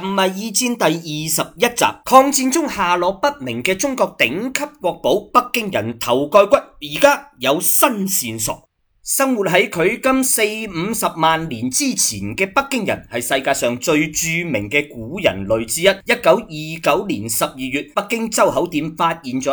《尋迷二戰》第二十一集，抗戰中下落不明嘅中國頂級國寶——北京人頭蓋骨，而家有新線索。生活喺距今四五十萬年之前嘅北京人係世界上最著名嘅古人類之一。一九二九年十二月，北京周口店發現咗一具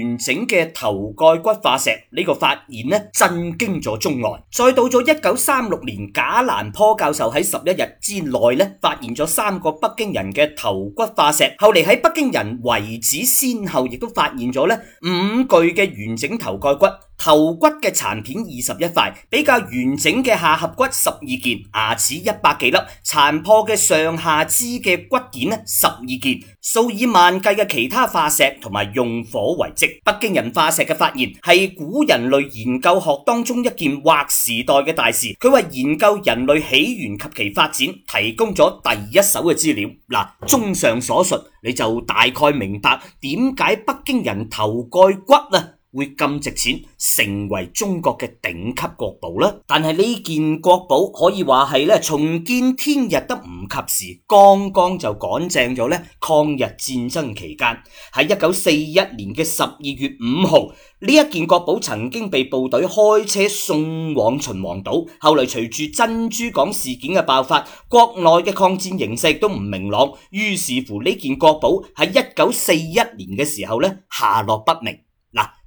完整嘅頭蓋骨化石，呢、這個發現呢震驚咗中外。再到咗一九三六年，賈蘭坡教授喺十一日之內呢發現咗三個北京人嘅頭骨化石，後嚟喺北京人遺址先後亦都發現咗呢五具嘅完整頭蓋骨。頭骨嘅殘片二十一塊，比較完整嘅下頜骨十二件，牙齒一百幾粒，殘破嘅上下肢嘅骨件呢十二件，數以萬計嘅其他化石同埋用火遺跡。北京人化石嘅發現係古人類研究學當中一件劃時代嘅大事，佢為研究人類起源及其發展提供咗第一手嘅資料。嗱，綜上所述，你就大概明白點解北京人頭蓋骨啊，會咁值錢，成為中國嘅頂級國寶啦。但係呢件國寶可以話係咧，重見天日得唔及時，剛剛就趕正咗咧。抗日戰爭期間，喺一九四一年嘅十二月五號，呢一件國寶曾經被部隊開車送往秦皇島，後來隨住珍珠港事件嘅爆發，國內嘅抗戰形勢都唔明朗，於是乎呢件國寶喺一九四一年嘅時候咧下落不明。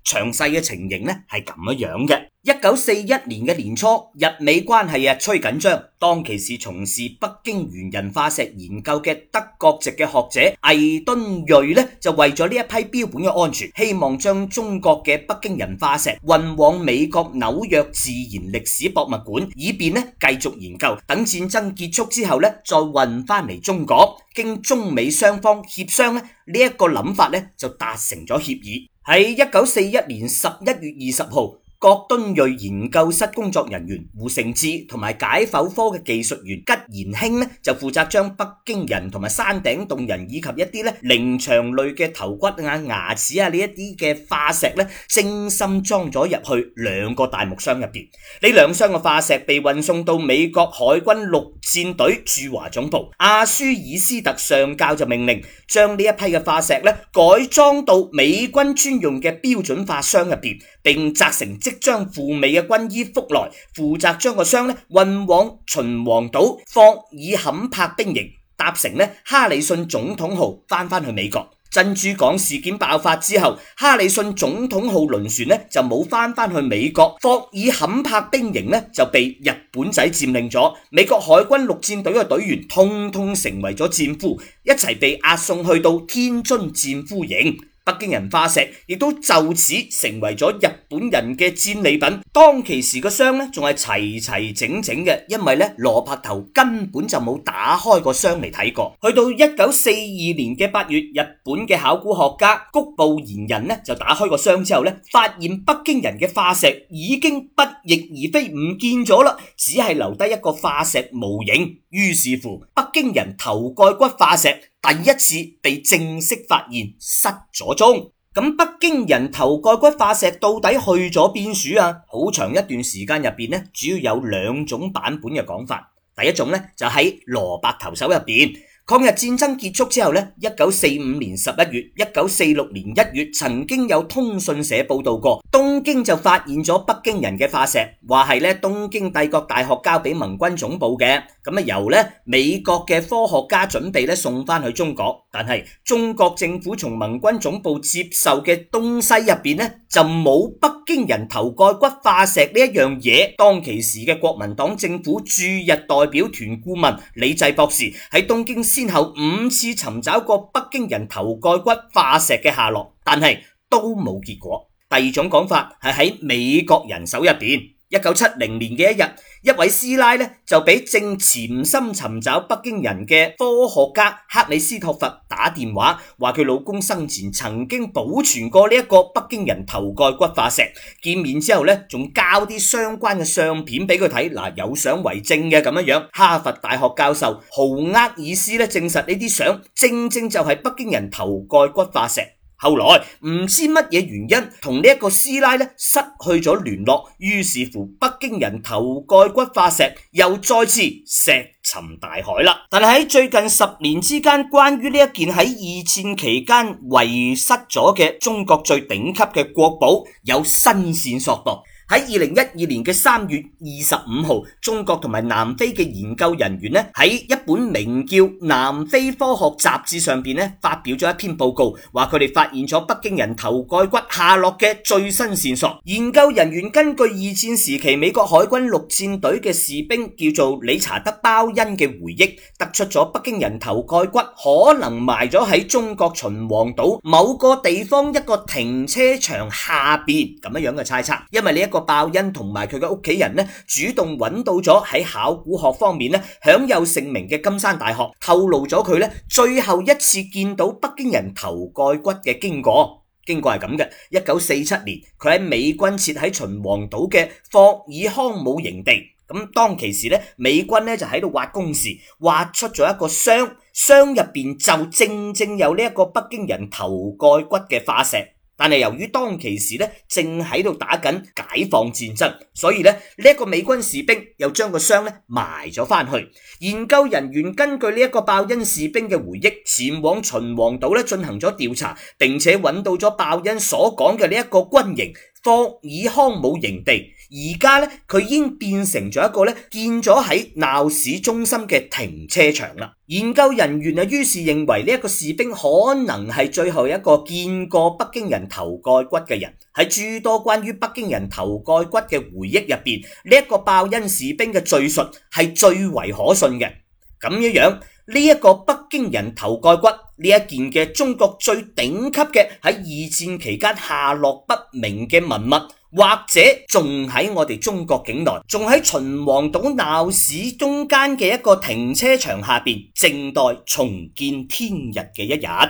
詳細嘅情形咧係咁樣嘅，一九四一年嘅年初，日美關係日趨緊張。當其時從事北京猿人化石研究嘅德國籍嘅學者魏敦瑞咧，就為咗呢一批標本嘅安全，希望將中國嘅北京人化石運往美國紐約自然歷史博物館，以便咧繼續研究。等戰爭結束之後咧，再運翻嚟中國。經中美雙方協商咧，這個、呢一個諗法咧就達成咗協議。喺一九四一年十一月二十號。郭敦睿研究室工作人員胡成志同埋解剖科嘅技術員吉賢興呢，就負責將北京人同埋山頂洞人以及一啲呢靈長類嘅頭骨啊、牙齒啊呢一啲嘅化石呢，精心裝咗入去兩個大木箱入邊。呢兩箱嘅化石被運送到美國海軍陸戰隊駐華總部，阿舒爾斯特上校就命令將呢一批嘅化石呢改裝到美軍專用嘅標準化箱入邊，並責成。即將赴美嘅軍醫福來，負責將個箱呢運往秦皇島，霍爾坎柏兵營搭乘呢，哈里遜總統號翻返去美國。珍珠港事件爆發之後，哈里遜總統號輪船呢就冇翻返去美國，霍爾坎柏兵營呢就被日本仔佔領咗，美國海軍陸戰隊嘅隊員通通成為咗戰俘，一齊被押送去到天津戰俘營。北京人化石亦都就此成為咗日本人嘅戰利品，當其時個箱呢，仲係齊齊整整嘅，因為呢，羅柏頭根本就冇打開個箱嚟睇過。去到一九四二年嘅八月，日本嘅考古學家谷部賢人呢就打開個箱之後呢，發現北京人嘅化石已經不翼而飛唔見咗啦，只係留低一個化石模型。於是乎，北京人頭蓋骨化石第一次被正式發現失咗蹤。咁北京人頭蓋骨化石到底去咗邊處啊？好長一段時間入邊咧，主要有兩種版本嘅講法。第一種咧就喺蘿蔔頭手入邊。抗日戰爭結束之後呢，一九四五年十一月、一九四六年一月，曾經有通訊社報道過，東京就發現咗北京人嘅化石，話係呢東京帝國大學交俾盟軍總部嘅，咁啊由呢美國嘅科學家準備呢，送翻去中國。但係，中國政府從盟軍總部接受嘅東西入邊呢，就冇北京人頭蓋骨化石呢一樣嘢。當其時嘅國民黨政府駐日代表團顧問李濟博士喺東京，先後五次尋找過北京人頭蓋骨化石嘅下落，但係都冇結果。第二種講法係喺美國人手入邊。一九七零年嘅一日，一位師奶咧就俾正潛心尋找北京人嘅科學家克里斯托弗打電話，話佢老公生前曾經保存過呢一個北京人頭蓋骨化石。見面之後咧，仲交啲相關嘅相片俾佢睇，嗱、啊、有相為證嘅咁樣樣。哈佛大學教授豪厄爾斯咧證實呢啲相正正就係北京人頭蓋骨化石。後來唔知乜嘢原因，同呢一個師奶咧失去咗聯絡，於是乎北京人頭蓋骨化石又再次石沉大海啦。但係喺最近十年之間，關於呢一件喺二戰期間遺失咗嘅中國最頂級嘅國寶，有新線索噃。喺二零一二年嘅三月二十五號，中國同埋南非嘅研究人員呢，喺一本名叫《南非科學雜誌》上邊呢，發表咗一篇報告，話佢哋發現咗北京人頭蓋骨下落嘅最新線索。研究人員根據二戰時期美國海軍陸,陸戰隊嘅士兵叫做理查德鮑恩嘅回憶，得出咗北京人頭蓋骨可能埋咗喺中國秦皇島某個地方一個停車場下邊咁樣樣嘅猜測，因為呢一個。鮑恩同埋佢嘅屋企人咧，主動揾到咗喺考古學方面咧享有盛名嘅金山大學，透露咗佢咧最後一次見到北京人頭蓋骨嘅經過。經過係咁嘅，一九四七年佢喺美軍設喺秦皇島嘅霍爾康姆營地，咁當其時咧美軍咧就喺度挖工事，挖出咗一個箱，箱入邊就正正有呢一個北京人頭蓋骨嘅化石。但係由於當其時咧正喺度打緊解放戰爭，所以咧呢一個美軍士兵又將個箱咧埋咗翻去。研究人員根據呢一個爆恩士兵嘅回憶，前往秦皇島咧進行咗調查，並且揾到咗爆恩所講嘅呢一個軍營。戈爾康姆營地而家呢，佢已經變成咗一個咧建咗喺鬧市中心嘅停車場啦。研究人員啊，於是認為呢一個士兵可能係最後一個見過北京人頭蓋骨嘅人，喺諸多關於北京人頭蓋骨嘅回憶入邊，呢、這、一個爆恩士兵嘅敘述係最為可信嘅。咁樣樣。呢一個北京人頭蓋骨，呢一件嘅中國最頂級嘅喺二戰期間下落不明嘅文物，或者仲喺我哋中國境內，仲喺秦皇島鬧市中間嘅一個停車場下邊，靜待重見天日嘅一日。